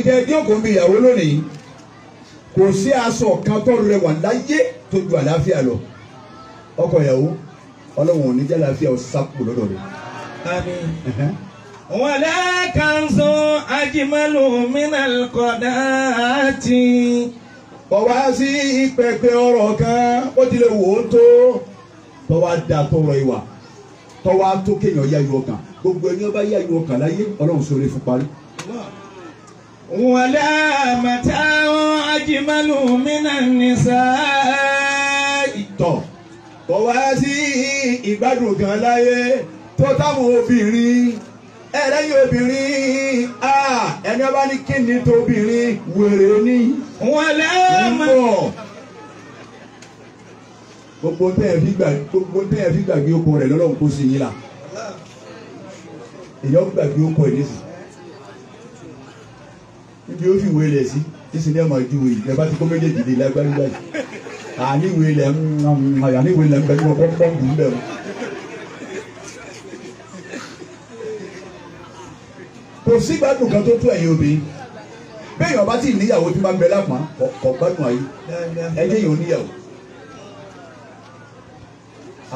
ìdẹ ìjókòó mi ìyàwó lónìí kò sí aṣọ kan tó rẹwà láyé tó ju àlàáfíà lọ ọkọ ìyàwó ọlọ́run ò ní jẹ́ àlàáfíà ó sápò lọ́dọ̀ rẹ̀. àmín. wala kanzu ajmalu minal qadati. bọ̀wá sí pẹpẹ ọ̀rọ̀ kan ó ti lè wò ó tó tọ́wá da tọrọ ìwà tọ́wá tó kéèyàn yá ìwọ̀kàn gbogbo ẹni ọba yá ìwọ̀kàn láyé ọlọ́run sọ̀rọ̀ fún parí. ولا متاع أجمل من النساء ìtọ̀ kò wá sí ìgbádùn kan láyé tó táwọn obìnrin ẹlẹ́yìn obìnrin ẹni ọba ní kí ni tóbìnrin wèrè ni. wọ́n lẹ́ẹ̀mọ́. gbogbo tẹ́ ẹ fi gbàgbé gbogbo tẹ́ ẹ fi gbàgbé okun rẹ̀ lọ́lọ́run kó sí yín la. èyí ó gbàgbé okun ẹ̀ nísìnyí níbi ó fi ìwé ilẹ̀ sí nísìnyí ẹ̀ máa ju ìwé ilẹ̀ bá ti kó méjèèjì lé lágbárí báyìí àní ìwé ilẹ̀ mm, mm, mm, àní ìwé ilẹ̀ ń bẹ nínú pọ́npọ́n ń bẹ o. kò sí gbádùn kan tó tó ẹ̀yin obìnrin béèyàn bá ti níyàwó tí máa ń bẹ lápọn kọ̀ gbádùn ayé ẹ jẹ́ yìí ó níyàwó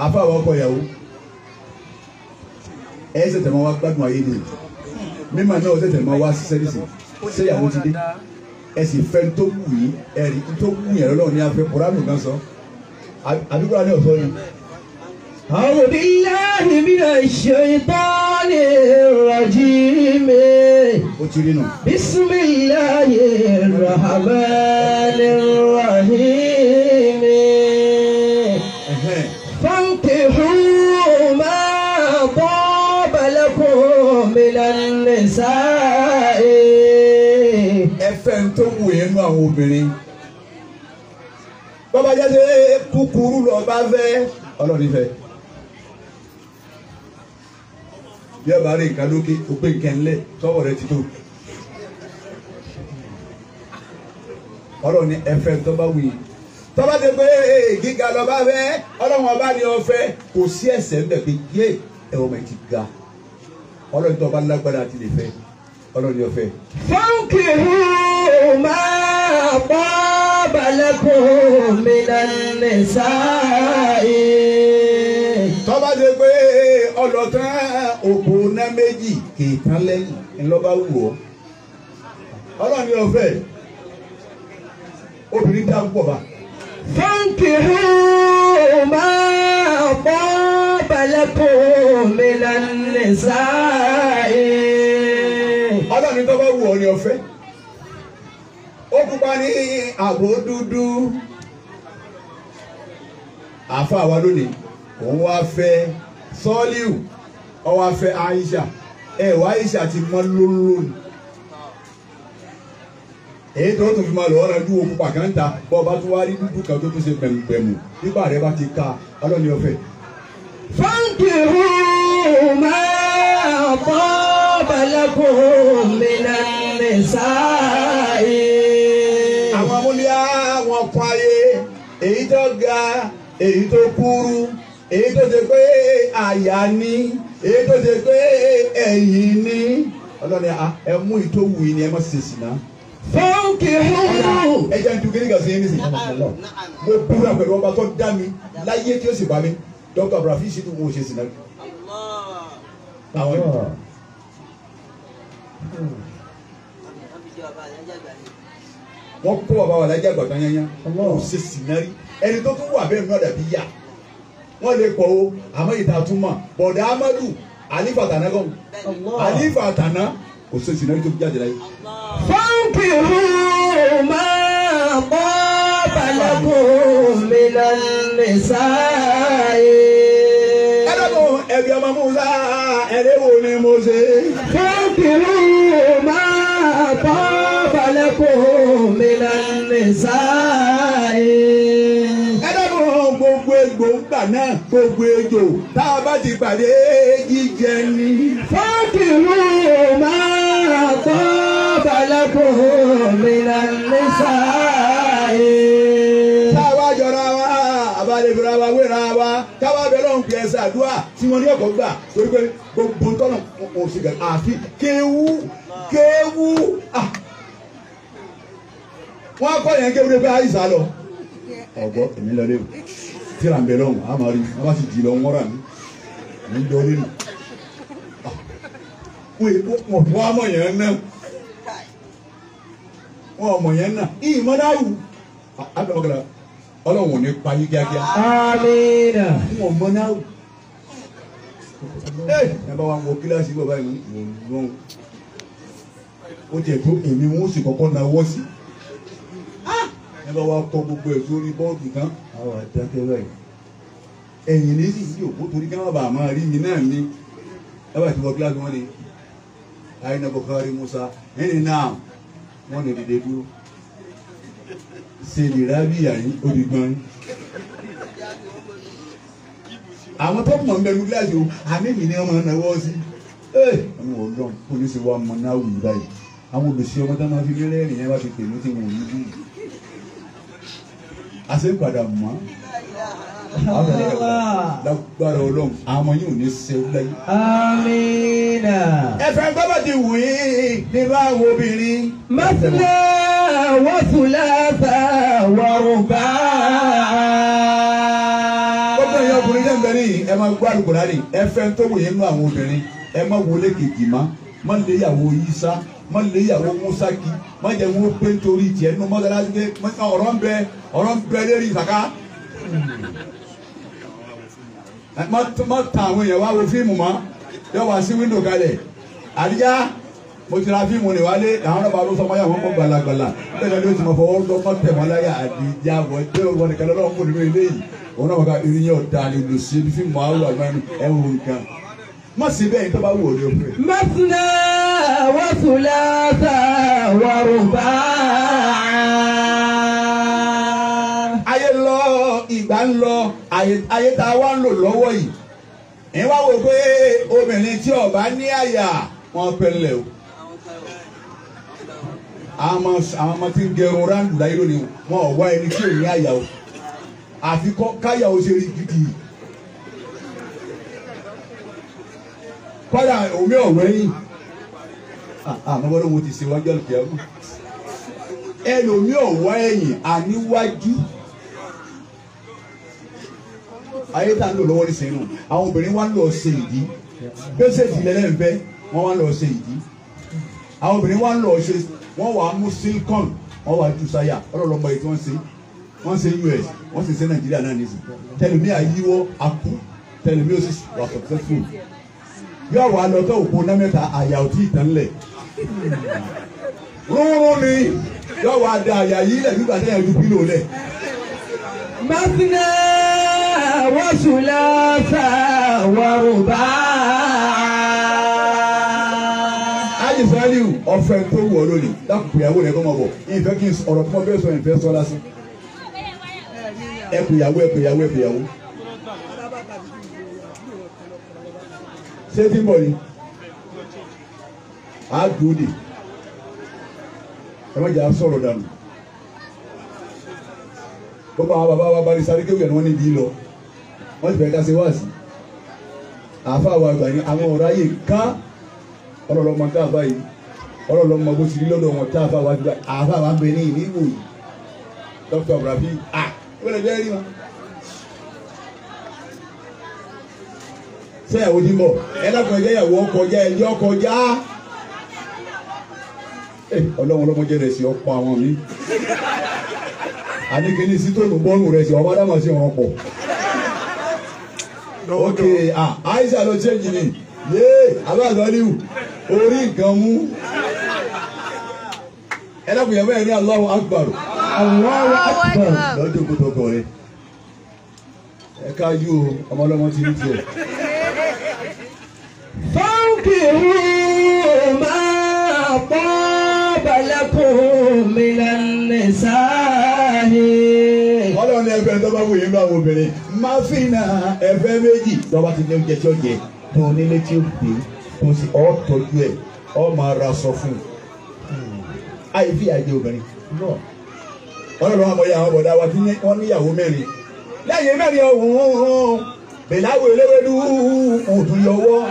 àfa àwọn ọkọ ìyàwó ẹ ṣẹ̀ṣẹ̀ máa wá gbádùn ayé nìyí mímọ náà ṣẹ̀ṣẹ̀ máa wá ṣiṣẹ́ ṣé ìyàwó ti dé ẹ sì tó wù yín ẹ̀rí tó wù yẹn lọ́wọ́ ní afẹ́ kúránù kan sọ àbíkúrá ní ọ̀sọ́ ni. أعوذ بالله من الشيطان الرجيم بسم الله الرحمن الرحيم àwọn obìnrin bọ́bá jẹ́ ṣe kúkúrú lọ bá fẹ́ ọlọ́ọ̀ni fẹ́ bí ọba rẹ̀ nǹkan lókè ó pé nǹkan ńlẹ̀ tọ́wọ́ rẹ ti tó ọlọ́ọ̀ni ẹ̀fẹ́ tó bá wù yìí tọ́ba ti pé gíga lọ́ba fẹ́ ọlọ́run ọba ni ọ kò sí ẹ̀sẹ̀ ń bẹ̀ pé yé ẹ̀wọ̀n mi ti ga ọlọ́run tó ọba lágbára ti lè fẹ́ ọlọ́run ni ọ fẹ́. ما طاب لكم من النساء tó bá jẹ́ pé ọlọ́tàn òkú ná méjì kì í tán lẹ́yìn ńlọ́ba wù ọ́ ọlọ́ni ọ̀fẹ́ obìnrin dá púpọ̀ bá. fáńkì hù máa bọ́ balẹ̀kọ̀ mi lẹ́nu sáà. ọlọ́ni tó bá wù ọ́ ni ọ̀fẹ́ ó pupa ní àbò dúdú àfa àwa lónìí òun wá fẹ́ sọ́ọ́líù ó wá fẹ́ Aisha ẹ wá Aisha ti mọ́ lólónìí èyí tó tún fi máa lọ ọ̀rọ̀ ju òkú pàkàntà bọ́ ọba tó wá rí dúdú kan tó tún ṣe pẹ̀mùpẹ̀mù nígbà rẹ bá ti ka ọlọ́ni ọ̀fẹ́. fáńkì hùmá bọ́ balẹ̀ kò mí náà wọn kún ayé èyí tó ga èyí tó kúrú èyí tó ṣe pé àyà ni èyí tó ṣe pé ẹ̀yìn ni ọlọ́ni ah, ẹ mú ìtòwù yìí ni ẹ má ṣe sì ná. fọ́ọ̀kì hẹ́rù. ẹ jẹ́ nítorí kíní kan sí yín nísìnyí mo búra pẹ̀lú ọba tó dá mi láyé tí ó sì bá mi dr abdulrafi ṣètò wo ṣe sì ná. wọ́n kó bàbá wa lájà gbàgbà yányá wọ́n ṣe sinari ẹni tó tún wà bẹ́ẹ̀ náà dàbí yá wọ́n lè kọ́ o àmọ́ ìta tún mọ̀ bọ̀dà amadu alifa tànà gan alifa tànà kò ṣe sinari tó fi jáde láyé. fọ́ǹkì rúù máa bọ́ balẹ̀kùn mi lálẹ́ sáyé. ẹ dàgbọ́n ẹ̀bí ọmọ musa ẹ̀rẹ́ ni mo ṣe. fọ́ǹkì rúù. sáàyè. ẹ dábọ̀ gbogbo egbò ń gbà náà gbogbo ejò tá a bá ti pàdé jíjẹ ni. fọ́ọ̀kì ló máa kọ́ balẹ̀kọ̀ mìíràn ní sáàyè. táwa jọra wa àbálẹ̀ fúnra wa wéra wa táwa bẹ̀rẹ̀ òun tí wọ́n ní ọ̀kọ́ gbà torí pé gbogbo ń tọ́nà òsì gàdá àfi kéwú kéwú ah wọ́n kọ́ yẹn kéwúrẹ́ pé àyíṣà lọ ọ̀gbọ́ èmi lọ dé tíra ń bẹ lọ́hùn àmàlí wọ́n bá sì jì lọ ń wọ́rà mi ń dọ́rí nù ah, wọ́n èkó wọ́n fọ́ àmọ̀ yẹn náà wọ́n ọmọ yẹn náà ìmọ̀ náà wù àdàmọ́kàlà ọlọ́run ò ní pa yí kíákíá. amiina. wọ́n mọ náà wù. ẹ ẹ bá wa wọ kíláàsì bàbá yìí wọ́n ó jẹ́ tó èmi wọ́n sì kọ́kọ́ náà wọ́ sí i ẹ bá wa kọ gbogbo ẹ̀ sórí bọ́ọ̀dù tán. àwọn àtẹ́kẹ́ báyìí. ẹ̀yìn ní sì sí òkú torí kí wọ́n bá máa rí mi náà ní ẹ bá ti wọ kíláàsì wọn ni àyìnà bọ̀kárí musa ẹni náà wọ́n ní dìde dúró. sèlè rábìyà yín olùgbọ́n àwọn tó mọ̀ nbẹ̀rù gíláàsì o àmì mi ni ọmọ náà wọ́ sí. ẹnu ọlọ́run polisi wa mọ náà wù báyìí àwọn olùsí ọmọ máa fi lé yẹn bá fi tèmi tí wọn ò dùn àṣepadà mọ́ lágbára ọlọ́run àmọ́ yóò ní sẹ́wú láyé. amiina. ẹ̀fẹ̀ gbọ́dọ̀ ti wù í ní bá wo obìnrin. masina wa thulatha wa ruba. gbogbo ìyá ọkùnrin náà bẹ̀rẹ̀ ẹ máa gbọ́ àlùkò láre ẹ̀fẹ̀ tó wù yín àwọn obìnrin ẹ má wọlé kejì má má léyàwó yìí sá má lé ìyàwó musa kì má jẹ́ wọ́n pé nítorí tiẹ̀ nínú mọ́sálásí pé ọ̀rọ̀ ń bẹ ọ̀rọ̀ ń bẹ lérí ìsàká. má ta àwọn èèyàn wá wo fíìmù mọ́ yóò wá sí wíńdò kalẹ̀ àdíjá mo ti ra fíìmù ní wálé àwọn ọba ló sọ mọ́yà wọn kọ́ gbalagbala bẹ́ẹ̀ ni o ti mọ̀ fọwọ́ lọ́kọ́ tẹ̀ wọ́n láyà àdíjá wọ́n jẹ́ wọn nìkan lọ́wọ́ kò nínú eléyìí wọn náà wọ́n ká irin yẹn ọ̀dà ni lòsì fíìmù àwọn ọ̀gbọ́n ẹ̀ wò nǹkan má ṣe bẹ́ẹ̀ tó bá wù ọ́ ní òkú rẹ̀. mẹ́tìnà wàtúlẹ́tà wàrùbá. ayé lọ ìgbà ń lọ ayé tá a wá ń lò lọ́wọ́ yìí ẹ wá wò pé obìnrin tí ọba ní àyà wọn pẹlẹ o àwọn ọmọ tí ń gẹrun ráńdù láyé lónìí wọn ò wá ẹni tí ò ní àyà o àfikọ́ káyà ó ṣe rí gidi yìí. kọ́dà omi ọ̀wẹ́yìn àmọ́bọ́dọ́ ah, ah, wo ti ṣe wájú àlùkìyàmù ẹlòmí ọ̀wọ́ ẹ̀yìn àníwájú ayé tá ń lò lọ́wọ́ ní sẹ́yìn nù àwọn obìnrin wá ń lọ ṣe ìdí gbèsè ìdílé lẹ́nfẹ́ wọ́n wá ń lọ ṣe ìdí àwọn obìnrin wá ń lọ ṣe wọ́n wà á mú silicon wọ́n wà á jù sáyà ọlọ́lọ́ mọ èyí tí wọ́n ṣe wọ́n ṣe US wọ́n sì ṣe Nàìjíríà náà nìyí tẹlifíà yíwọ́ akú tẹlifíà sì wà successful yóò wá lọ tó òpó lẹ́mẹ̀ta àyà ò tí ì tán lẹ̀ rúurú ni yóò wá da àyà yìí lẹ̀ nígbà tẹ́yà ju pílò lẹ̀. masina wasulasa waruba. ayi saliu ọ̀fẹ́ tó wọ lónìí dákùnkùn ìyàwó rẹ kọ́ mọ̀ bọ̀ ìfẹ́ kí ọ̀rọ̀ tí wọ́n bẹ́ẹ̀ sọ ìfẹ́ sọ lásán ẹkùn ìyàwó ẹkùn ṣé tí ń bọ̀ yìí á dùn dè ẹ má jẹ́ à sọ̀rọ̀ dànù gbogbo àwọn bàbá wa bari sáré kéwìyàn ni wọ́n níbi lọ wọ́n ti fẹ́ ká ṣe wáàsí àfa àwọn àgbà ni àwọn ọ̀rọ̀ ayé ká ọlọ́lọ́ ọmọ tá a bá yìí ọlọ́lọ́ ọmọ bó ti rí lọ́dọ̀ wọn tá a bá wá gbà àfa àwọn abẹ ní ìlú ìwòyí dókítà Abdulrafi ah wọ́n lè jẹ́ rí wọn. tẹ́ ẹ̀ onímọ̀ ẹ dákun ẹjẹ́ ìyàwó ọkọjá ẹjẹ́ ọkọjá ọlọ́run ọlọ́mọdé rẹ̀ sí ọ̀pọ̀ àwọn mi àníkíní sí bọ́ọ̀lù rẹ̀ sí ọmọ adámọ̀ sí ọ̀rọ̀ pọ̀ ok àìsàn ló ṣe jìnnì yéé abáàlọ́líwù orí nǹkan mú ẹ dákun ìyàwó ẹ̀ ní Allahu Akbar lọ́jọ́ kótó kọrin ẹ̀ka yóò ọmọ ti ní tiẹ̀. فانكحوا ما طاب لكم من النساء ọlọ́run ẹgbẹ́ tó bá wù yín bá wọ obìnrin máa fi na ẹgbẹ́ méjì lọ́wọ́ ti ní oúnjẹ tí ó jẹ tán nílé tí ó dé tó sì ọ́ tọ́jú ẹ̀ ọ́ máa ra sọ fún un hmm. àyè fi àjẹ obìnrin ọlọ́run àmọ́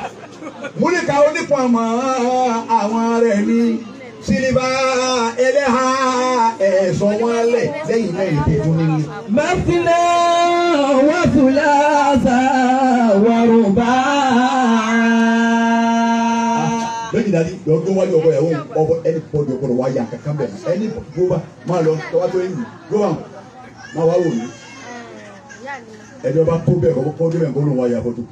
ìyá múlíkà onípọ̀nmọ́ àwọn rẹ̀ ni sílíbà ẹlẹ́hà ẹ̀sọ́ wọn lẹ̀ lẹ́yìn náà èdè fún mi. mẹ́sìnà wọ́n tún láàzà wọ́rùn bá lóyìn dadi lọ́jọ́ wájú ọkọ yẹn o ọkọ ẹni pọ̀jù ọkọ rẹ̀ wáyà kankan bẹ̀rẹ̀ ẹni gbóba máa lọ tọ́wá tó yẹn gbóba máa wá wò ní ẹjọ́ bá tó bẹ́ẹ̀ kọ́ kọ́ tó kọ́ ló wáyà fọ́tò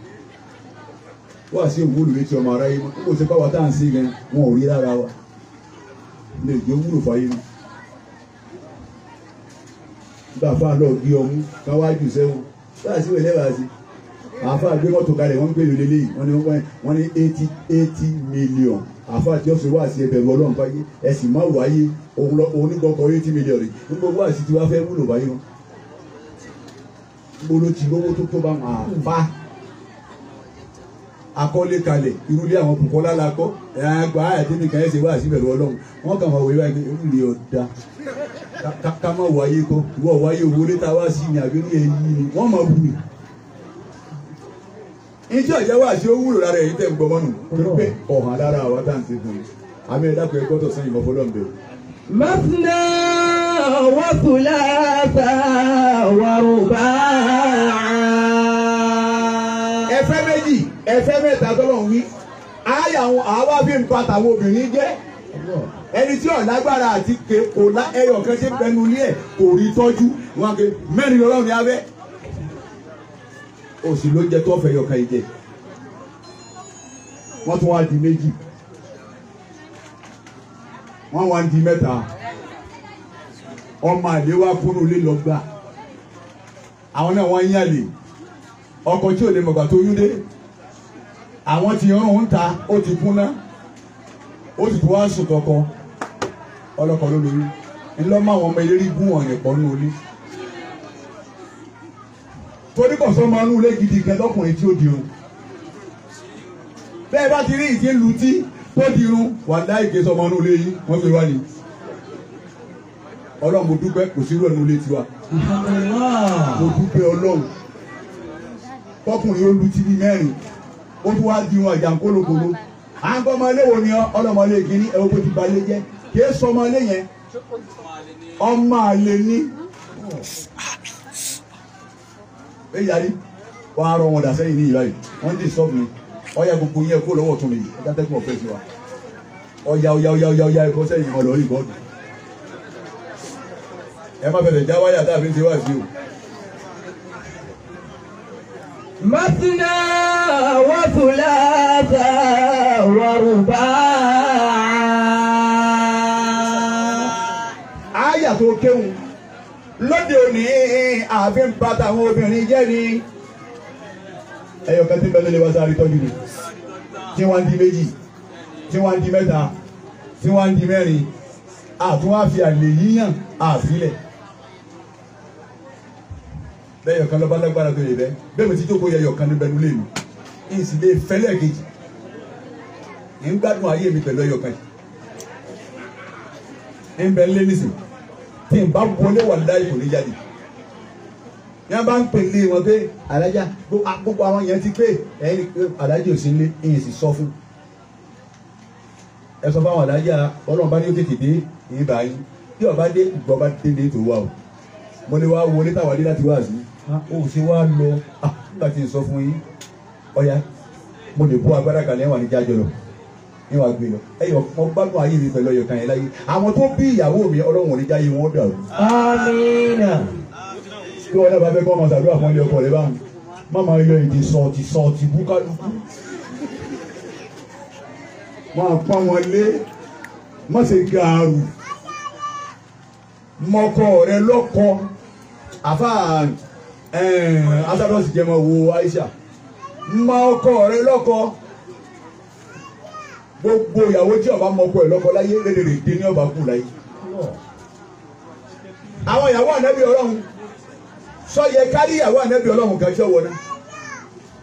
wá sí ìwúlò létí ọmọ aráyé mọ́ kó ṣe báwa tá à ń sí gan wọn ò rí lára wa lè jẹ́ wúlò fáyé mọ́ gbàfà náà gé ọmú káwá jù sẹ́wọ̀n bá a sì wẹ̀ lẹ́wàá sí àfa gbé mọ́tò kalẹ̀ wọ́n ń gbé lòlẹ́ lẹ́yìn wọ́n ní wọ́n ní eighty eighty million àfa tí ó wá sí ẹbẹ̀rù ọlọ́run fáyé ẹ̀sìn má wáyé onígbọ̀kọ̀ eighty million rẹ̀ nígbà wá sí ti wá fẹ́ wúlò fáyé wọn. mo lo ti lówó tó tó bá wọn àfa akọ́lé kalẹ̀ irúlé àwọn Bùkọ́lá la kọ́ àgbà àyàtẹ́mi kan ẹ̀sẹ̀ wá síbẹ̀rù Ọlọ́run wọ́n kàn máa wọ ìwà ìpín irú lè ọ̀dà ká má wáyé kọ́ ìwọ wáyé owó lé ta wá sí ni àbí ní ẹ̀yìn ni wọ́n máa wù mí. iṣẹ́ ìjẹ́wọ́ àti owó wúlò lára èyí tẹ̀ ń gbọmọ́nù torí pé ọ̀hàn lára àwa tá à ń ṣe fún mi àmì ẹ̀dá kan ẹgbọ́tọ̀ sẹ́yìn mọ́fọ́lọ́ مثنى وثلاث ورباع ẹsẹ̀ mẹ́ta tọ́lọ́run wí ayé àwọn àwa fi ń pa tàwọn obìnrin jẹ́ ẹni tí ọ̀lágbára àti kò lá ẹyọ kan ṣe pẹnu ní ẹ̀ kò rí tọ́jú wọn kò mẹ́rin lọ́rùn ní abẹ́ òsì ló jẹ tó fẹ́ yọkan ìjẹ wọ́n tún wá di méjì wọ́n wá di mẹ́ta ọmọ àlè wá kúrò lé lọ́gbà àwọn náà wọ́n yàn lè ọkọ̀ tí ò lè mọ̀gbà tó yún dé àwọn tí irun ń ta ó ti kúnná ó sì ti wá sùn tọkọ ọlọ́kọ ló lórí ńlọ mọ àwọn ọmọ eléré gún wọn nìkan ní olé torí kò sọ máa ń lé gidi gan lọkùnrin tí ó di irun bẹ́ẹ̀ bá ti rí ìdí lu tí tó di irun wà láì gé sọmọ ní olé yìí wọ́n fi wá ni ọlọ́run mo dúpẹ́ kò sí irú ẹ̀ ní olé tiwa mo dúpẹ́ ọlọ́run kọkùnrin ó lu tí bí mẹ́rin ó tún wá di wọn ìjà kólókòló à ń gbọ́ ọmọlé wo ni ọlọ́mọlé kìíní ẹ̀rọ kò ti balẹ̀ jẹ́ kì í sọ ọmọlé yẹn ọmọ àlè ní eyari wọ́n á rọ wọn dà sẹ́yìn ní ìlà yìí wọ́n ti sọ mi ọ̀yà gbogbo yẹn kó lọ́wọ́ tún mi yìí ẹ̀ka tẹ́kun ọ̀fẹ́ sí wa ọ̀yà ọ̀yà ọ̀yà ọ̀yà ọ̀yà ẹ̀kọ́ sẹ́yìn ọ̀lọ́rí bọ́ọ̀dù ẹ má fẹ̀fẹ̀ já wáyà tá a fi ń ṣe wá sí o. مثنى وثلاثة ورباع àyà tó kéwù lóde òní àfi ń bàtà àwọn obìnrin jẹ́ ni ẹyọ kan tí bẹ́ẹ̀ ló lè wá sáré tọ́jú ni tí wọ́n ń di méjì tí wọ́n ń di mẹ́ta tí wọ́n ń di mẹ́rin àtúwáfi àlè yíyàn àfilẹ̀ bẹ́ẹ̀ yọ̀kan lọ́ba lágbára tó lè bẹ́ bẹ́ẹ̀ mi ti jókòó yẹ yọ̀kan níbẹ̀ nílé mi n sì lè fẹ́lẹ̀ kejì n gbádùn ayé mi pẹ̀lú ẹyọ̀kan yìí n bẹ lé nísìn tí n bá wọlé wà láyé kò ní jáde ní a bá ń pè lé wọn pé alájà gbogbo àwọn yẹn ti pé ẹ̀yìn alájà ò sí lé ìyẹn sì sọ fún ẹ sọ fún àwọn alájà ọlọ́run bá ní ó tètè dé bí ọba dé ìgbọ́ bá dé ní ètò wa o mo lè wá wọlé táwa dé láti wá sí ó ah, ṣe wá lọ ah, nígbà tí n sọ fún yín ọ̀yá mo lè bó agbára kalẹ̀ wà ní lọ ní wàá lọ ẹyọ mo gbádùn ayé mi pẹ̀lú ọyọ kan yẹn láyé àwọn tó bí ìyàwó mi ọlọ́run ò ní jáyé dàrú. àmín. bí wọn dábàá fẹ́ kọ́ ọmọ sàdúrà fún ilé ọkọ rẹ báwọn má yọ èdè sọ̀tì sọ̀tì búkálùkù máa pa wọn lé má ṣe gàrú mọ́kọ rẹ lọ́kọ àfáà. Lazarus jẹmọ wo Aisha ma ọkọ rẹ lọkọ, gbogbo ìyàwó tí ọba mọ ọkọ láyé lédèrè dé ní ọba kù láyé àwọn ìyàwó ànábì Ọlọ́run sọyẹ kárí ìyàwó ànábì Ọlọ́run kan wọná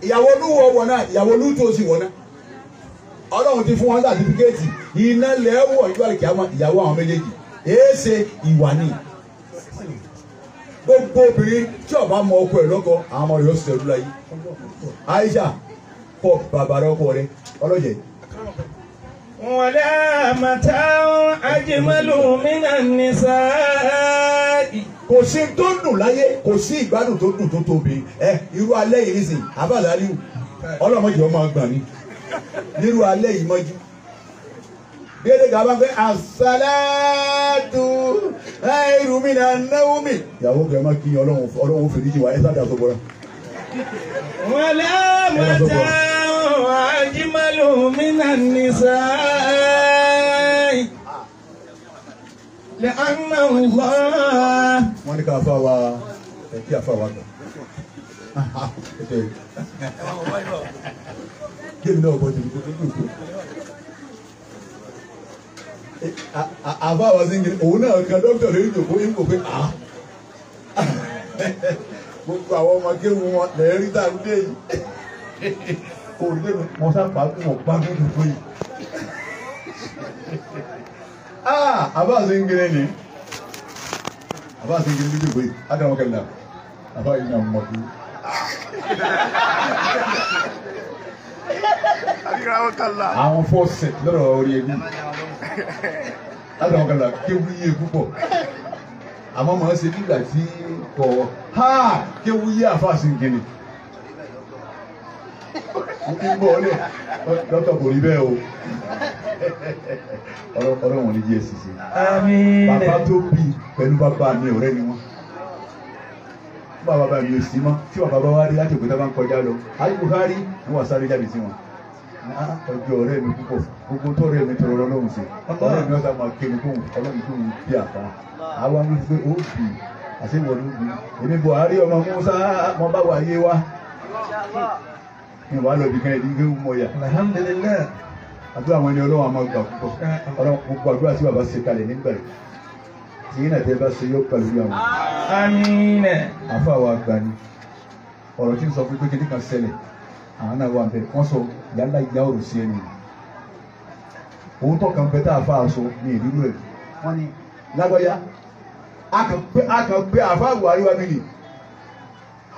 ìyàwó wọná ìyàwó olútòsí wọná ti fún wọn sàtífíkẹtì iná lẹẹwọ ìyàwó àwọn méjèèjì ìwà ni. gbogbo obìnrin tí ọba mọ ọkọ ẹ lọkọ àwọn ọmọ rẹ ó sẹrú Aisha kọ bàbá rẹ ọkọ rẹ ọlọjẹ. wọlé àmàtà ajẹmọlù mìíràn ní sáàyì. kò sí tó dùn láyé kò sí ìgbádùn tó dùn tó tóbi ẹ irú alẹ́ yìí nìsín abàlálíù ọlọ́mọdé ọmọ àgbà ni nírú alẹ́ yìí mọ́jú. bí ẹni gàba pé àsálàtù ẹrùmí náà náwó mi. ìyàwó kẹ máa kí ọlọ́run ọlọ́run fèrè jì wá ẹ sábà sọ́kọ́ra. wọlé mọ̀tá àjímọ́lù mi náà ní sáà. lè wọ́n ní ká fà wá ẹ̀ kí àfà wá gbà. Kébì náà bọ̀ jẹ̀bi tó tó tó àbá wa sí ń gidi doctor náà kan dókítà lórí ìjòkó yín kò pé à ah. gbogbo àwọn ọmọ kéwù wọn lẹ́ẹ̀rí tá à ń dé yìí kò dé mi mo sábà kún mọ̀ bá mi dùn yìí. Ah, àbá sí ń gidi ni àbá sí ń gidi ní ìjòkó yìí á dáwọn kẹlẹ àwọn fọ́ọ̀sì lọ́rọ̀ orí ewu lọ́rọ̀ ọ̀gá kéwu yé púpọ̀ àmọ́ màá ṣe nígbà tí kọ̀ ha kéwu yé àfàṣì nkìnnì n kí n bọ̀ ọ́ lẹ̀ kò rí bẹ́ẹ̀ o ọlọ́wọ́n ní gsc bàbá tó bí pẹ̀lú bàbá mi ọ̀rẹ́ ni wọ́n bàbá bá mi ò sí mọ́ tí bàbá bá wá dé láti òkúta bá ń kọjá lọ àyè Buhari ń wà sáré jáde sí wọn ọjọ́ ọ̀rẹ́ mi púpọ̀ gbogbo tó ọ̀rẹ́ mi tọrọ lọ́lọ́run sí ọ̀rẹ́ mi ọ̀sán máa kéwì fún ọlọ́run tó ń bí àfa àwa ń gbé ó bì í àṣewọ̀ ló bì í èmi Buhari ọmọ Musa mo bá wà yé wa mi wà lọ bí kan ẹni gbé mọ yà alhamdulilayi àdúrà àwọn ẹni ọlọ́run àmọ́ gbà púpọ̀ ọlọ́run gbogbo àdúrà tí bàbá ṣe kalẹ̀ nígbà yìí tí yín náà tẹ́ bá ṣe yóò pẹ̀lú àwọn. àmín. àfa wa gbà ni ọ̀rọ̀ tí ń sọ fún pé kíní kan ṣẹlẹ̀ àwọn náà wà bẹ́ẹ̀ wọ́n sọ yálà ìyá ọ̀rọ̀ sí ẹni. òun tọ́ kan bẹ tá a fa aṣọ ní ìdúró ẹ̀ wọ́n ní lágbáyà a kàn pé àfa Buhari wa mi nì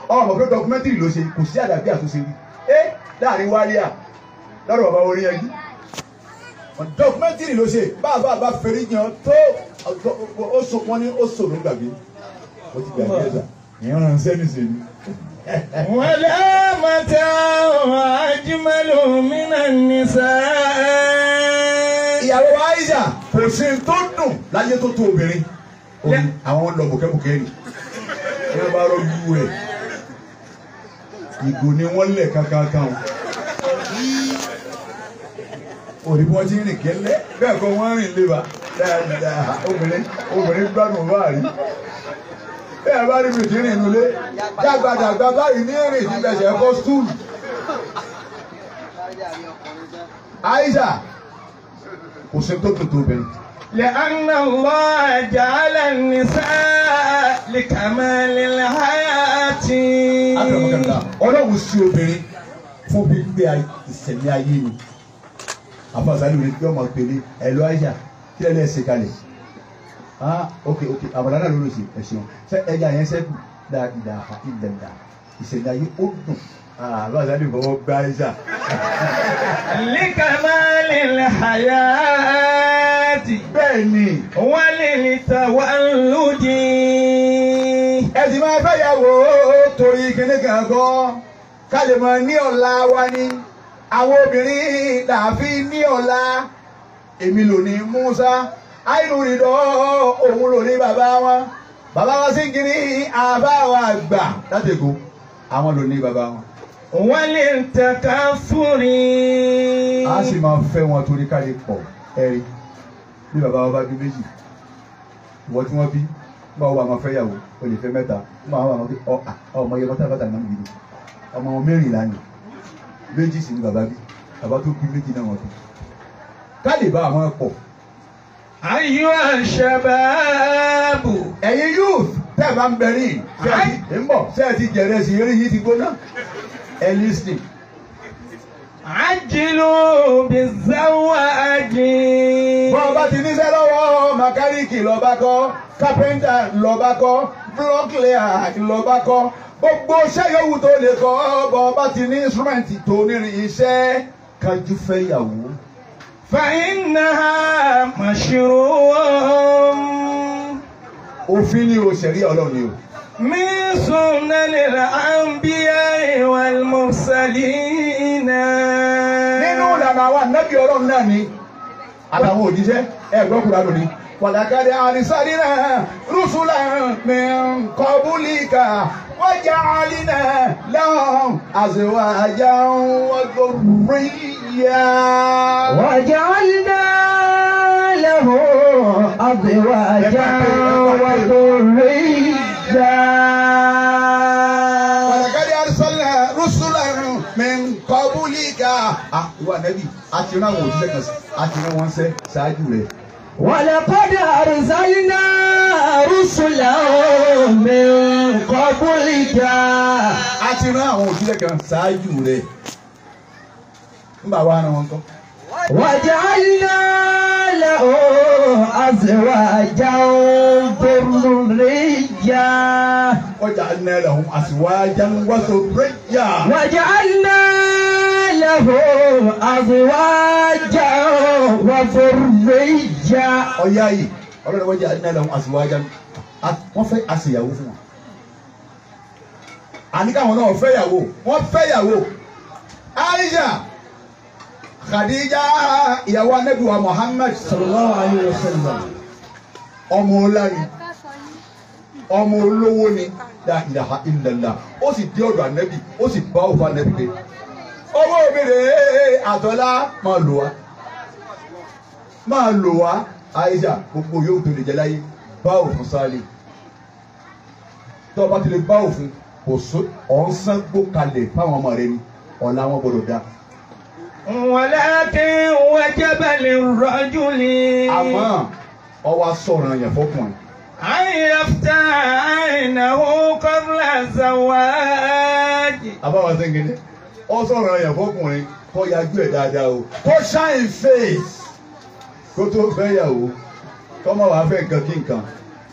ọmọ pé dọkumẹ́ntìrì ló ṣe kò sí àdàbí àtúnṣe rí ẹ láàrin wáríà lọ́rọ̀ bàbá orí ẹgbẹ́ dọkumẹ́ntìrì ló ṣe bá a bá a bá fẹ́rí yan tó wọ́n ní ó sòrò gbàgbé ó ti gbàgbé ẹ̀dá ìyẹn ràn sẹ́ni sẹ́ni. wala mata'un ajmalu minan nisaa. ìyàwó Aisha kò sí tó dùn láyé tó tó obìnrin àwọn lọ bùkẹ́bùkẹ́ rì ẹ bá rọ ju ẹ ìgò ni wọ́n lẹ̀ kankan kan òní bí wọ́n ti ń rìn kẹ́lẹ́ bẹ́ẹ̀ kọ́ wọ́n rìn lébà dáadáa obìnrin obìnrin gbádùn bá rí bẹ́ẹ̀ bá rí mi ti rìn nulẹ̀ dàgbàdàgbà báyìí ní rìn ti bẹ̀sẹ̀ kọ́ stool. kò sí tó tó tó bẹ́ẹ̀. لأن الله جعل النساء لكمال الحياة. Ọlọ́run sí obìnrin fún gbígbé ìṣẹ̀lẹ̀ ayé ni àfàsálì òní yóò máa pè ní ẹ̀lọ́ àyà kí lẹ́nu ẹ̀sìn kalẹ̀ ah ok ok àbàdà náà ló ṣe ẹ̀sìn ṣe ẹja yẹn sẹ́kù dáa ìdá ìdẹ̀dà ìṣẹ̀dá yìí ó dùn ah, àfàsálì fọwọ́ gbá ẹ̀ṣà. líkàmá lè àyà ti. bẹ́ẹ̀ ni. wọ́n lè lè ta wà lóde. ẹ máa fẹ́ yà wò ó torí kíní kan kọ́ ká lè ní ọ̀la wa ni àwọn obìnrin làáfi ní ọ̀la èmi ló Musa àìlú rìndọ́ òun ló bàbá wọn bàbá wọn sì kiri àbáwọ àgbà láti èkó àwọn ló bàbá wọn. wọ́n lè tẹ̀ka fúnni. a sì máa fẹ́ wọn torí káyé pọ̀ ẹ̀rí bí bàbá wọn bá bí méjì ìwọ tí wọ́n bí báwo wà máa fẹ́ yàwó o fẹ́ mẹ́ta báwo wà máa fi ọmọ yẹn bọ́tà bàtà náà yìí ọmọ mẹ́rìnlá ni méjì sì ni bàbá bí bàbá tó bí méjì náà wọ́n bí ká lè bá àwọn pọ̀. ayé àṣàbàbù. ẹ̀yin youth tẹ́ ẹ bá ń bẹ̀rẹ̀ ṣe ń bọ̀ ṣe ti jẹ̀rẹ̀ sí eré yìí ti gbóná ẹ̀ lísìn. Ajilu bizawaji. Bọ́n bá ti níṣẹ́ lọ́wọ́ mẹkáníìkì lọ́ba kọ́, kápẹ́ńtà lọ́ba kọ́, blọ́kìlẹ́à lọ́ba kọ́, gbogbo iṣẹ́ yòówù tó lè kọ́ ọ̀bọ̀ bá ti ní instrument tó nírin iṣẹ́ kájú fẹ́ yàwó. fàyínà màṣírò. òfin ni o ṣẹ̀rí ọlọ́run ni o. mi sunna lil anbiya wal mursalina. nínú ìlànà àwọn ànábì ọlọ́run náà ni àtàwọn òjíṣẹ́ ẹgbẹ́ kura lónìí. wàlàkàdé àrísàdínà rúṣùlà mi kọ́búlìkà wájà àlínà lẹ́hìn àṣewájà wọ́gbọ̀nríyà. wájà àlínà lẹ́hìn àṣewájà wọ́gbọ̀nríyà. wàlàkàdé àrísàdínà rúṣùlà mi kọ́búlìkà. ah ìwà nẹ́bí àti ìran àwọn òṣìṣẹ́ kan àti ìran wọn ṣẹ́ ṣáájú rẹ̀. ولقد أرسلنا رسلا من قبلك a ti rán àwọn òjíṣẹ́ kan ṣáájú rẹ̀ nígbà wa ara wọn kọ́. وجعلنا له أزواجا وذرية وجعلنا لهم أزواجا وذرية وجعلنا. له أزواجا وذرية ọ̀yá yìí ọlọ́run wọ́n jẹ́ àdínà lọ́hùn àṣìwájà wọ́n fẹ́ àṣìyàwó fún wa àníkàwọn náà fẹ́ yàwó wọ́n fẹ́ yàwó Aisha Khadija ìyàwó anabiwa Muhammad sallallahu alayhi wa sallam ọmọ ọlá ọmọ olówó ni la ilaha illallah ó sì dé ọ̀dọ̀ anabi ó sì bá òfò anabi dé owó mi rèé àtọ́lá máa lò wá máa lò wá àìsà gbogbo yóò tó lè jẹ láyé bá òfin sáré tó ti lè bá òfin kò só ọ̀nsán gbó kalẹ̀ fáwọn ọmọ rẹ ni ọ̀la wọn gbọdọ̀ dá. walakin wajaba lirrajuli. àmọ́ ọwọ́ sọ̀rọ̀ yẹn fọkùnrin. àyẹ̀fẹ́ àìnáwó qabla zawaj. àbáwọ̀ sẹ́ńgẹ́dẹ́ ó sọ̀rọ̀ yẹn fọkùnrin kó yajú ẹ̀ dáadáa o kó shine face kó tó fẹ́ yàwó kọ́mọ wàá fẹ́ nǹkan kí nǹkan.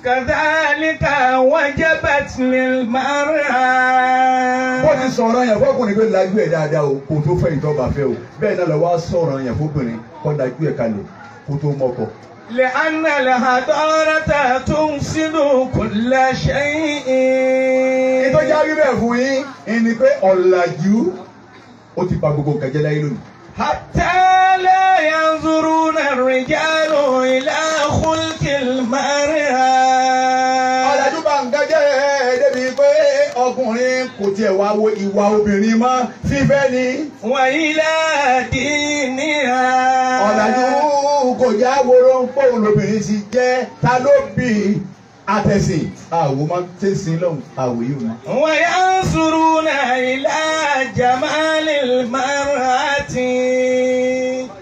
kàdálíkà wajabat lil mar'a. bó ti sọ̀rọ̀ yẹn fọkùnrin pé lajú ẹ̀ dáadáa o kó tó fẹ́ ìtọ́ba fẹ́ o bẹ́ẹ̀ náà lọ́wọ́ sọ̀rọ̀ yẹn fọkùnrin kó lajú ẹ̀ kalẹ̀ kó tó mọ́kọ̀. لأن الحضارة تفسد كل شيء. ìtọ́jà rí bẹ́ẹ̀ fún yín ìní pé ọ̀làjú ó ti pa gbogbo nǹkan jẹ́ láyé lónìí. àtẹ́lẹ̀ yanzuru na rìjálù ilá kúlkìl mẹ́rìnà. ọ̀làjú bá nǹkan jẹ́ débi pé ọkùnrin kò tiẹ̀ wá wo ìwà obìnrin mọ́ fífẹ́ ni. wàyí láàdì níhà. ọ̀làjú kò já woro ń pòun lóbìnrin ti jẹ́ ta ló bì í àtẹ̀sìn àwò máa tẹ̀ sí lọ́hùn àwò yìí wọn. wa yansuruna ila jamalil mar'ati.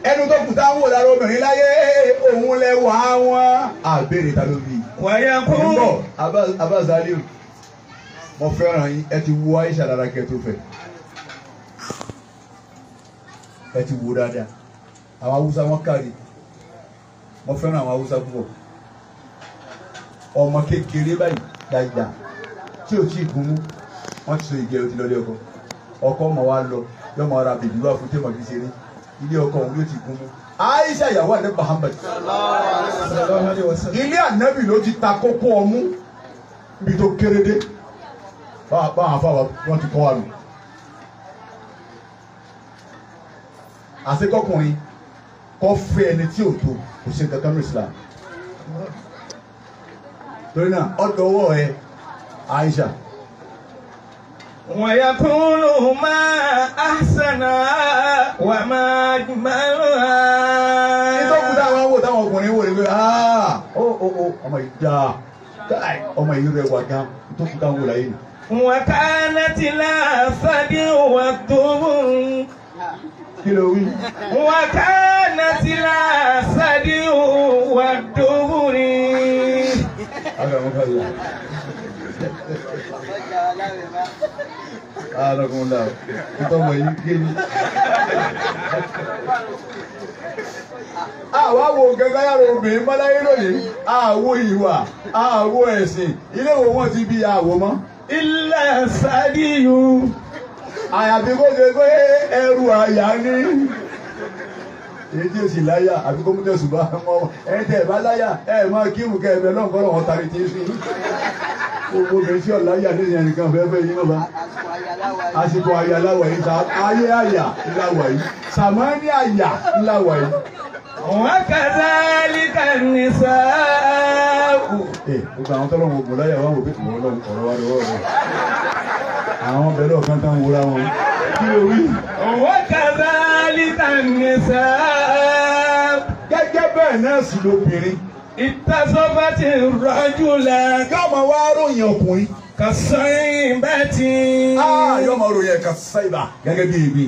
ẹnu tó kù tá ń wò lára obìnrin láyé òun lẹ wà á wọn. àbèrè ta ló bí. wa yaqulu. ẹ̀ ń bọ̀ abazaliu mo fẹ́ràn yín ẹ ti wo Aisha lára kẹ́ fẹ́ ẹ ti wo dáadáa àwọn Haúsá wọn kárí mo fẹ́ràn àwọn Haúsá púpọ̀ ọmọ kékeré báyìí dájà tí ò tí ì gúnmú wọ́n ti so ìgẹ̀ òtí lọ́lé ọkọ ọkọ ọmọ wa lọ yọmọ ara bèbí wá fún tẹ́mọ̀ fi ṣeré ilé ọkọ òun yóò ti gúnmú Aisha ìyàwó ànábì Muhammad ilé ànábì ló ti ta kókó ọmú bí tó kéré dé báwọn afáwọn wọn ti kọ́ wa nù. àṣekọkùnrin kọ́ fẹ́ ẹni tí ò tó kò ṣe kankan ní Islam torí náà ọ̀dọ́wọ́ ẹ Aisha. ويقول ما أحسنا وما أجملها. nítorí kúta àwọn wò táwọn ọkùnrin wò rèé ó ó ó ọmọ yìí dáa ọmọ yìí rẹwà gan nítorí kúta wò láyé ni. وكانت الأسد والدهن kí ló wí. وكانت الأسد والدهن. Àrọ̀kùnlá ìtọ́mọ̀ yìí gé ní. Àwa wo gẹ́gẹ́ yàrá obìnrin mọ́láyé lónìí, àwo ìwà, àwo ah, ẹ̀sìn, ilé wo wọ́n ti bí àwo mọ́. Ilé ṣáàdì yìí. Àyàfi kó ṣe pé ẹrù àyà ni èyí tí o sì láyà àbí kó mú tẹ̀sùn bá wọn ẹ tẹ̀ bá láyà ẹ máa kírun kẹ ẹbẹ lọ́nkọ́ lọ́wọ́ tari tí ń sìn gbogbo kẹ sí ọ̀láyà ní nìkan fẹ́ fẹ́ yín bá àsìkò àyà láwà yìí ayé àyà láwà yìí sàmánì àyà láwà yìí. wọ́n kàdá líka nìsáàkù. ẹ gbogbo àwọn tọ́lọ́ wọn gbọ́dọ̀ yà wọ́n wò pé kò wọ́n ọ̀rọ̀ wa bẹ́ẹ̀ náà sì lóbìnrin. ìtasọ́fẹ́ ti rọ́jú lẹ̀. yóò máa wá ròyìn ọkùnrin. kàṣẹ́yìn bẹ́ẹ̀ ti. Ah, yóò máa ròyìn kàṣẹ́yìn bá gẹ́gẹ́ bí ibi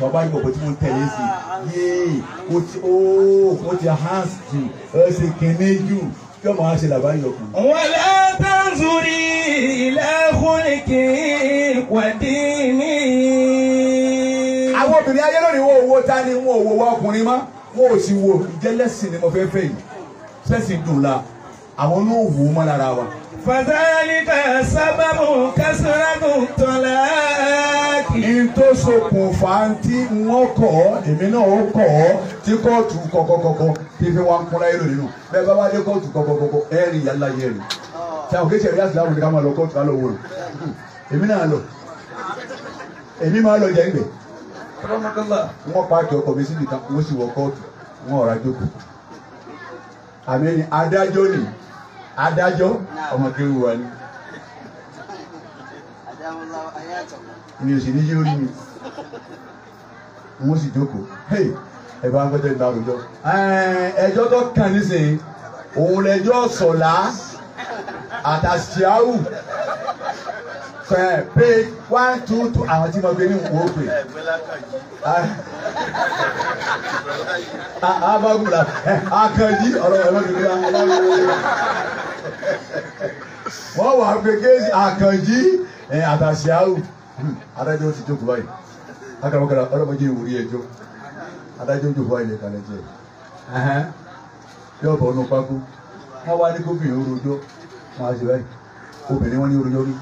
tọba yìí bọ̀bọ̀ tí mo ń tẹ̀lé sí yéé o ti ooo o ti hans jù ẹ ṣe kẹ́ne jù kí ọmọ wa ṣe làbá yọ kù. wàlá tanzuri ila khuliki wa dini. àwọn obìnrin ayé lónìí wo owó ta ni wọn ò wo wa ọkùnrin mọ́ kó o sì wo ìjẹ́lẹ́sìn ni mo fẹ́ fẹ́ yìí sẹ́sìn dùn la àwọn ló wò ó mọ́ lára wa. fàtàlíkà sábàbù kásìrágùn tọ́lá kì. n tó ṣokùnfà tí wọ́n kọ̀ èmi náà ó tí kóòtù kọ̀kọ̀kọ̀kọ̀ tí fi wá ń kúnra èrò nínú bẹ́ẹ̀ bá wá dé kóòtù kọ̀kọ̀kọ̀kọ̀ ẹ̀ yàrá yẹ̀ rí. ṣé àwọn kéṣe rí àṣìláwò ni ká máa lọ kóòtù ká lọ èmi náà lọ èmi máa lọ jẹ́ ìgbẹ́ wọ́n pa àjọ ọkọ̀ mi sí nìkan wọ́n sì wọ kóòtù wọn ọ̀rá jókòó àmẹ́ni adájọ́ ni adájọ́ ọmọ kéwù wa ni mi ò sì ní yóò rí mi mo sì jókòó hey ẹ bá ń gbẹ́jọ́ ìgbà àwùjọ ẹjọ́ tó kàn nísìnyí òun lẹjọ́ sọ̀lá àtàṣíáwù pé one two two àwọn tí mo gbé ní wò ó pè. abagula akanji ọ̀rọ̀ ẹ̀rọ mi nira wọ́n wà gbẹgẹ́ akanji àtàṣíáwù hmm, adájọ́ ti jókòó báyìí akàràmọ́kàrà ọlọ́mọdé ìwúrí ẹjọ́ adájọ́ jókòó báyìí lẹ́ka lẹ́jọ́ yóò bọ̀ ọ́nù pákó káwá ní gómìnà orojọ́ máa ṣe báyìí obìnrin wọn ní orojọ́ rí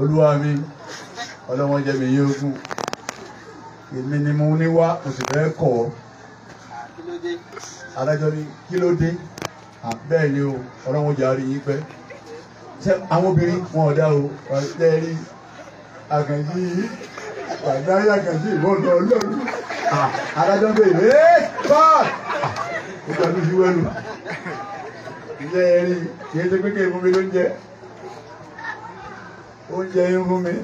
olúwa mi ọlọ́mọ jẹ́ mi yín ogún èmi ni mo ní wá mo sì fẹ́ kọ̀ ọ́ adájọ́ ni kí ló dé bẹ́ẹ̀ ni o ọlọ́mọ jẹ́ àárín yín pẹ́ ṣé àwọn obìnrin wọn ò dá o ọ̀dẹ́ rí àkànjí yìí àdáyé àkànjí ìwọ́n lọ lọ́rùn adájọ́ ń bèèrè ẹ́ bọ́ọ̀ ó gbàgbé ìwẹ́nu ilé ẹ̀rí kì í ṣe pé kéèmú mi ló ń jẹ́ oúnjẹ yín fún mi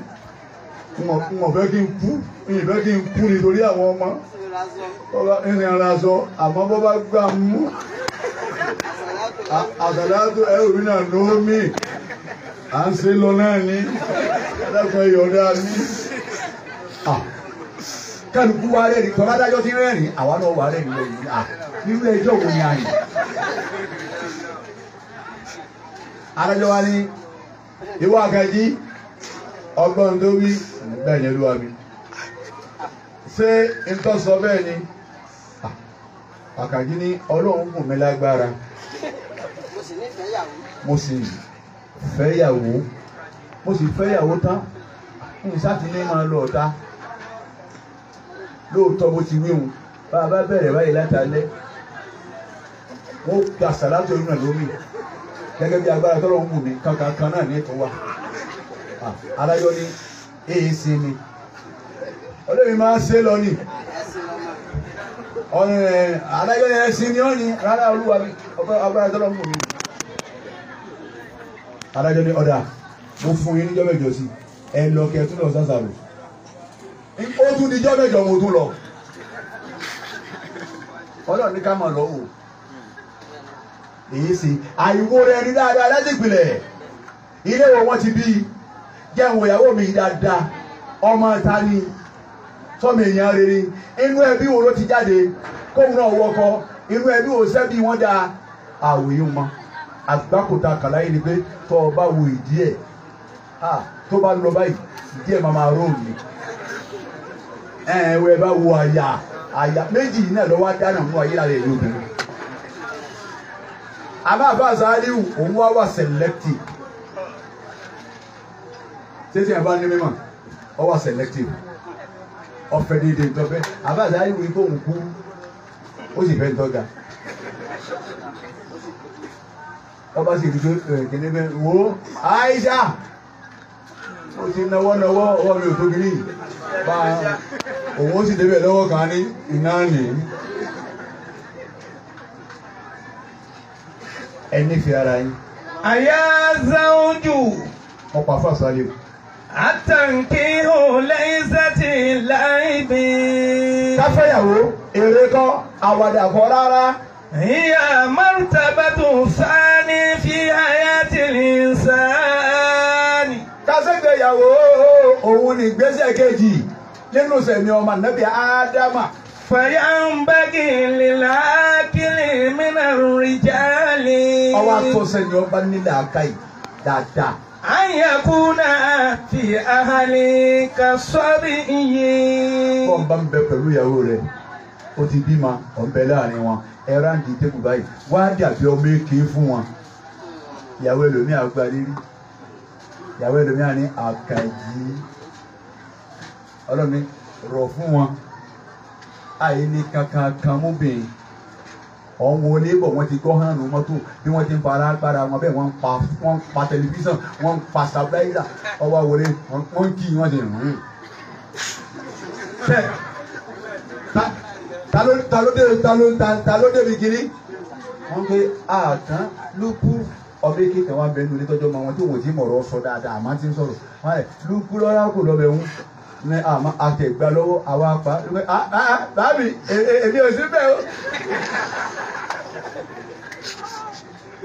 wọn fẹ́ kí n kú ìyìn fẹ́ kí n kú nítorí àwọn ọmọ ìrìn ara sọ àmọ́ bọ́ bá gbà mú àtàlátò ẹrù mi náà ló mí à ń ṣe lọ náà ní ẹlẹ́kùn ìyọ̀dá mi. kálukú wa rẹ̀ ní tọ́lá dájọ́ ti rẹ́rìn àwa náà wà rẹ̀ nílẹ̀ yìí nínú ẹjọ́ wo ni a yìí. adájọ́ wa ní ìwọ àkàjí ọgbọ́n tó wí bẹ́ẹ̀ ni olúwa mi ṣé nǹkan sọ bẹ́ẹ̀ ni àkàjí ní ọlọ́run kùn mí lágbára mo sì fẹ́ yàwó mo sì fẹ́ yàwó tán n sátidé máa lọ ọ̀tá lóòótọ́ bó ti wíhun bá a bá bẹ̀rẹ̀ báyìí látàlẹ́ wọ́n gbà sàlátì orí náà lómi gẹ́gẹ́ bí agbára tọ́lọ́ ń wù mí kankan kan náà ní ètò aláyọ ah, ní èyí sí mi olómi máa ń ṣe lọ ní aláyọ yẹn sí ni ó ní rárá olúwa mi ọgbà agbára tó lọ fún mi adájọ́ ní ọ̀dà mo fún yín níjọ́ mẹ́jọ sí ẹ lọ kẹ tún lọ sásàrò ó tún níjọ́ mẹ́jọ mo tún lọ ọlọ́run ní ká máa lọ wò èyí sí àìwó rẹ ní dáadáa láti ìpìlẹ̀ ilé wo wọ́n ti bí i jẹ́ ìwò ìyàwó mi dáadáa ọmọ ta sọmọ èèyàn rere inú ẹbí wo ló ti jáde kóun náà wọkọ inú ẹbí wo sẹ́bí wọn dáa àwòye wọn àgbákòta kàláyé ni pé tó o bá wo ìdí ẹ̀ tó bá lọ báyìí ìdí ẹ̀ máa máa rò ní ẹ̀ ẹ̀ bá wo àyà àyà méjì yìí náà lọ́wọ́ dáná mú ayé lára ìlú obìnrin àbá àbá àzáríwù òun wá wà selective sẹ́sẹ́ ẹ̀ bá ní mímọ̀ ọ wà selective ọ̀fẹ́ dídì ntọ́fẹ́ àbáṣe ayéwo ikú òun kú ó sì fẹ́ ntọ́ga ọba sì dùdú eh, kìnìún bẹ́ẹ̀ wò ó Aisha ó ti náwó náwó ọwọ́ mi ò tóbi ní bá òun ó sì débẹ̀ lọ́wọ́ kan ní iná nìyí. ẹ nífẹ̀ẹ́ ara yín. àyà záwọ́jù. ọ̀pọ̀ àfàṣà lè wò àtàǹkì òlẹ́sẹ̀tì láìbí. káfẹ́yàwó èrè kan àwàdà kan rárá. ìyá márùtàbàtò sáni fi àyà tìlì sáni. kásẹ̀gbéyàwó òun ni ìgbésẹ̀ kejì nínú sẹ̀mí ọmọ nàbí ádámà. fàyàǹbẹ́gì lílá kílì mínà rìjálì. ọwọ́ àtọ́sẹ̀ ni ọba nílẹ̀ àkàyè dáadáa. أن يكون في أهلك صبي bọ́n bá ń bẹ pẹ̀lú ìyàwó rẹ̀ ó ti bímọ ọ̀nbẹ láàrin wọn ẹ̀rá ń di tébù báyìí wá dàbí ọmọ èké fún wọn ìyàwó ẹlòmíà gba rírí ìyàwó ẹlòmíà ní àkàyí ọlọ́mi rọ̀ ọ̀hún wọlé bọ̀ wọ́n ti gbọ́ hànú mọ́tò bí wọ́n ti ń fara agbára wọn bẹ́ẹ̀ wọ́n ń pa wọ́n ń pa tẹlifíṣàn wọ́n ń pa sàbẹ́yìlà ọwọ́ wọlé wọ́n ń kí wọ́n ti rìn. talódé mi kiri wọ́n gbé àtàn lókù ọbẹ̀ kékeré wọn bẹ́ẹ̀ nulẹ̀ tọ́jú ọmọ wọn tí wọ́n ti mọ̀rọ̀ sọ dáadáa àmọ́ ti ń sọ̀rọ̀ wọ́n rẹ̀ lókù lọ́ra kò lọ́bẹ̀ wọn ní àmọ́ àtẹ̀gbà lọ́wọ́ àwọn apá báàbí èmi ò sí bẹ́ẹ̀ o.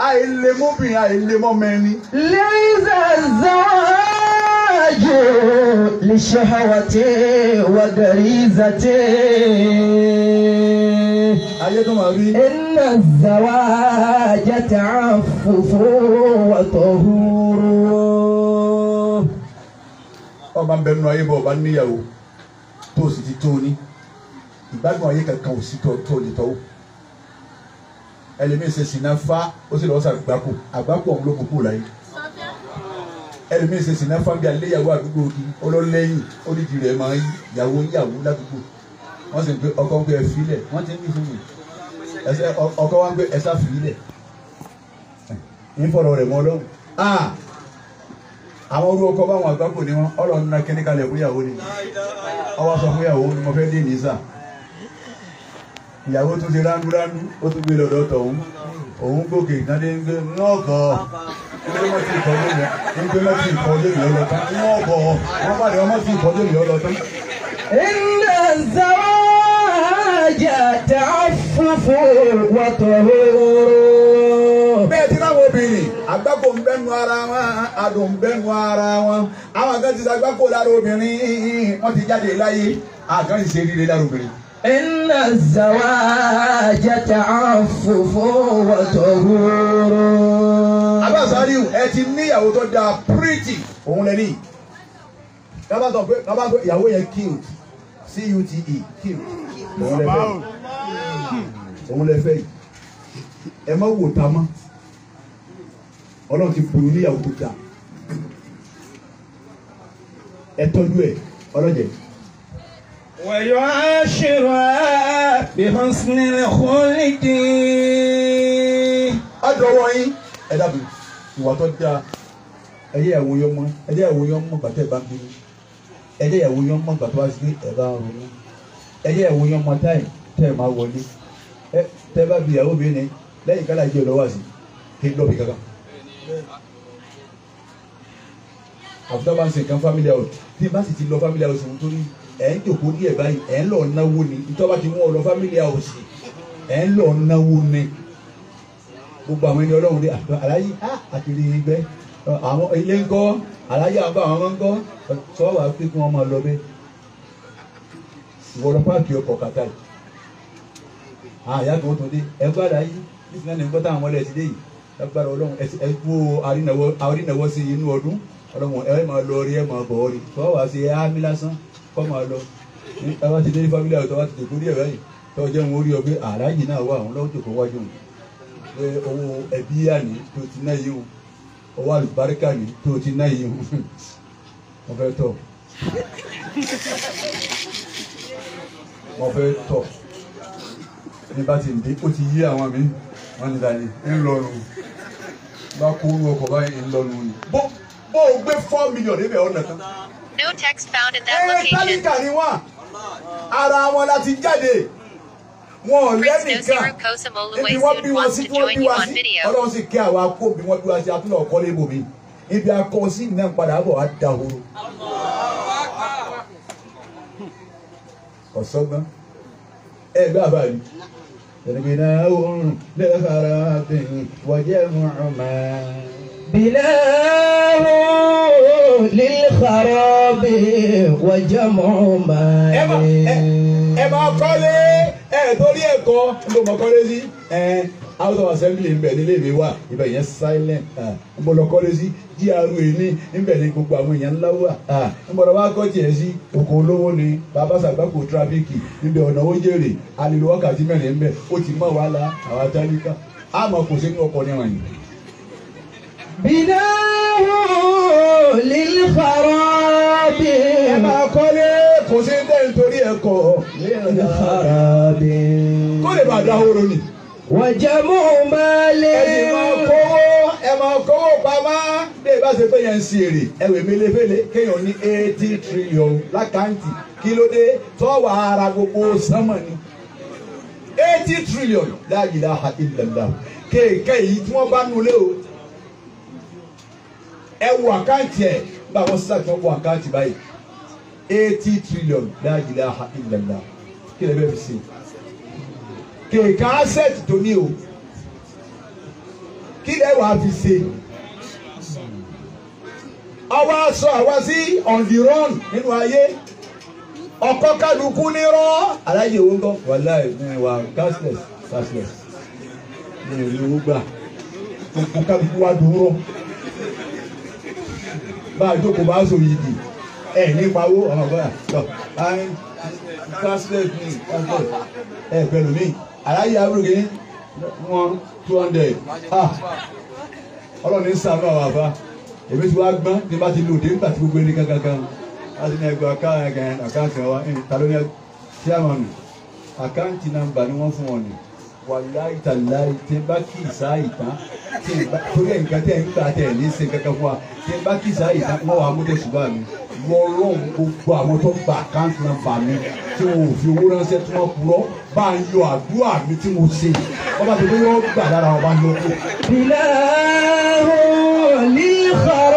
àìlèmọ́bìnrin àìlèmọ́mẹ́ni. lẹ́yìn zàzáàjò lè ṣe àwàtẹ́ wàgàrí zàtẹ́. ayé tó máa rí. iná zàwájà tàà fòfò wàtọ̀ húrú ọba ń bẹ nínú ayé bọ ọba níyàwó tó o sì ti tó o ní ìgbádùn ayé kankan ò sí tó o lè tọ́wọ́ ẹlẹ́mìí ṣe sìnà fa ó sì lọ́wọ́ sàrò gbáko àgbáko ọ̀hún ló kó kúrò láyé ẹlẹ́mìí ṣe sìnà fa bí aléyàwó àdúgbò òdi ọlọ́lẹ́yìn onídìí rẹ̀ máa ń yàwó yàwó ládùúgbò wọ́n sì ń pe ọkọ ń pe ẹ fílẹ̀ wọ́n ti ń bí fún mi ọkọ wa ń pe ẹ ń fọ̀rọ̀ rẹ̀ mọ́ lọ́rùn ah! àwọn orú ọkọ báwọn àgbákò ni wọn Ọlọ́run náà kíní kalẹ̀ fúyàwó ni ọwọ́ sọ fúyàwó ni mo fẹ́ dé ní ìyàwó tó ti ránú ránú ó tún gbé lọ́dọ̀ tọ̀hún òun gòkè ìdáde ń gbé nọọkọ ẹgbẹ́ wọn ti ìkọjú mi mi ọlọ tán wọn bá rẹ wọn ti ìkọjú mi ọlọ tán. iná zàwọ́ àjà tẹ́ ọ́ fún àgbákò ń bẹ́nu ara wọn adùn ń bẹ́nu ara wọn àwọn kan ti sàgbákò lára obìnrin wọ́n ti jáde láyé àgbọn ti ṣe rere lára obìnrin. إن الزواج تعفف وطهور. Abá Sàríù ẹ ti níyàwó tó dáa pretty òun lẹ́ni. Kábà pé kábà ìyàwó yẹn cute C-U-T-E cute òun lẹ fẹ́ yìí. Òun lẹ yìí. Ẹ má wò ta mọ́ ọlọ́run ti bùn yín níyàwó tó ga ẹ tọ́jú ẹ ọlọ́jẹ̀. wẹ̀yọ̀ aṣèrò bí hansinilẹ̀ kọ́lẹ́dì. a dọ̀wọ́ yín ẹ dàbí ìwà tó dáa ẹ yẹ ẹ̀wọ̀n yọ mọ́ ẹ yẹ ẹ̀wọ̀n yọ mọ́ gbàtẹ́ bá ń bínú ẹ yẹ ẹ̀wọ̀n yọ mọ́ gbàtẹ́ bá sí ẹ bá ń ronú ẹ yẹ ẹ̀wọ̀n yọ mọ́ táyì tẹ́ ẹ máa wọlé ẹ tẹ́ bá bí ìyàwó bí ní lẹ́yìn kálá ìjẹ́ ìlọ́wọ́ àti kí n lọ́ọ̀bì kankan àfi tó bá ń ṣe nǹkan family house tí bá sì ti lọ family house wò torí ẹ̀ ń jòkó díẹ̀ báyìí ẹ̀ ń lọ náwó ni ìtọ́ bá ti mú ọ lọ family house ẹ̀ ń lọ náwó ni gbogbo àwọn ẹni ọlọ́run dé àlàyé àkìrí ibẹ̀ àwọn ilé ńkọ́ àlàyé àbá àwọn ọmọ ńkọ́ sọ wàá pé kí wọ́n máa lọ bẹ́ẹ̀ ìwọ̀rọ̀ páàkì ọkọ̀ kàtà àyà tó tó dé ẹgbẹ́ àlàyé nígbà tí wọ́n ń gbọ́ táwọn ọmọ lágbára ọlọ́run ẹ kú àrínáwọ́ sí inú ọdún ọlọ́run ẹ máa lọ rí ẹ máa bọ̀ rí tọ́ wá sí ámì lásán kọ́ máa lọ ẹ wá ti dé ní fámílì àwòtọ́ wá ti dòkó ní ẹ̀rọ yìí tọ́ jẹ́ wọn ó rí ọ pé àlàyé náà wà àwọn lọ́wọ́ jòkó wájú òun pé owó ẹbí àní tó ti náà yìí òun owó àlùbáríkà ní tó ti náà yìí òun mo fẹ́ tọ̀ mo fẹ́ tọ̀ ní bá ti ń dé ó ti yí àwọn mi wọ́n ní dání ń bá kó orú báyìí ń ni. bó bó o gbé four million níbẹ̀ ọ̀nà kan. no text found in that location. ẹ tálíkà ni wá ara wọn láti jáde wọn ò lẹ́nìkan ibi wọ́n bí wọn sí tí wọ́n bí wa sí ọlọ́run sì kí àwa kó bí wọ́n bí wa sí àtúnlọ̀ ọ̀kọ́ lébo mi ibi akọ sí náà padà bọ̀ wá dahoro. ọ̀sọ́gbọ́n ẹ̀ gbá àbáyé. غناء لخراب وجمع ما بلاه للخراب وجمع ما ẹ máa kọ́lé ẹ̀ torí ẹ̀kọ́ ló mọ̀ kọ́lé sí house of assembly ń bẹ nílé mi wà ibẹ̀ yẹn silent ń bọ̀dọ̀ kọ́lé sí gra ni gbogbo àwọn èèyàn ńlá wà ń bọ̀dọ̀ wá kọ́ tiẹ̀ sí olówó ni bàbá sàgbàkò tírafíkì níbẹ̀ ọ̀nà ó jèrè alèlò wákàtí mẹ́rin ń ti mọ̀ wá la àwọn atálíkà àmọ́ kò sí ní ní ọ̀ràn yìí. bìdáwó lílùkọ̀rọ̀ bí. ẹ máa kọ́lé kò sí ní nítorí ẹ̀kọ́. lílùkọ̀rọ̀ bí. kó lè bàa dáhóró ni wọ́n jẹ́ mú mẹ́lẹ́. ẹ̀yin máa kówó ẹ máa kówó pamọ́. bí ìbá ṣe pé ń ṣe èrè ẹ̀wẹ̀ méleféle kéèyàn ní eighty trillion lákàntì kí ló dé tọ́wọ́ ara gbogbo sánmọ̀ ni eighty trillion la ilaha illallah kéèké yìí tí wọ́n bá nulẹ̀ o ẹ wo àkáǹtì ẹ̀ nígbà wọn sísá tí wọ́n wo àkáǹtì báyìí eighty trillion la ilaha illallah kí lè bẹ́ẹ̀ fi ṣe kèékà asset tó ní o kí lẹ́ wàá fi ṣe àwa sọ àwa sí on the run nínú ayé ọkọ kálukú ní rọ aláyè owó gan wàláì wa gasless gasless ní ìlú owó gbà gbogbo kálukú wa dùn rọ bá a jókòó bá a sọ yìí dì ẹ nípa owó ọmọ gbọ́dọ̀ tọ́ báyìí gasless ní gasless ẹ pẹ̀lú mi aláyé abúlé wọn two hundred ọlọ́ni sàánú àwọn àbá èmi ti wá gbọ́n ní bá ti lò dé nígbà tí gbogbo ẹni gángan gan láti ní ẹgbẹ́ àkáǹtì wa ta ló ní chairman àkáǹtì nàmbà ni wọ́n fún wọn ni wàláì tàláì tí n bá kì í sá ìtàn torí ẹ̀ nǹkan tí ẹ̀ ń gbà tẹ̀ ní ṣe kankan fún wa tí kì í sá ìtàn mọ́ wa mọ́tò ṣùgbọ́n mi wọ́n rọ̀ gbogbo àwọn tó gba àkáǹtì nàmbà mi tí wọn ò fi owó ránṣẹ́ tí wọ́n purọ́ bá a yọ àdúrà mi tí mo ṣe ọba tó yọ gbà lára ọba yọ kó. ìlà ò ní kọ́ra.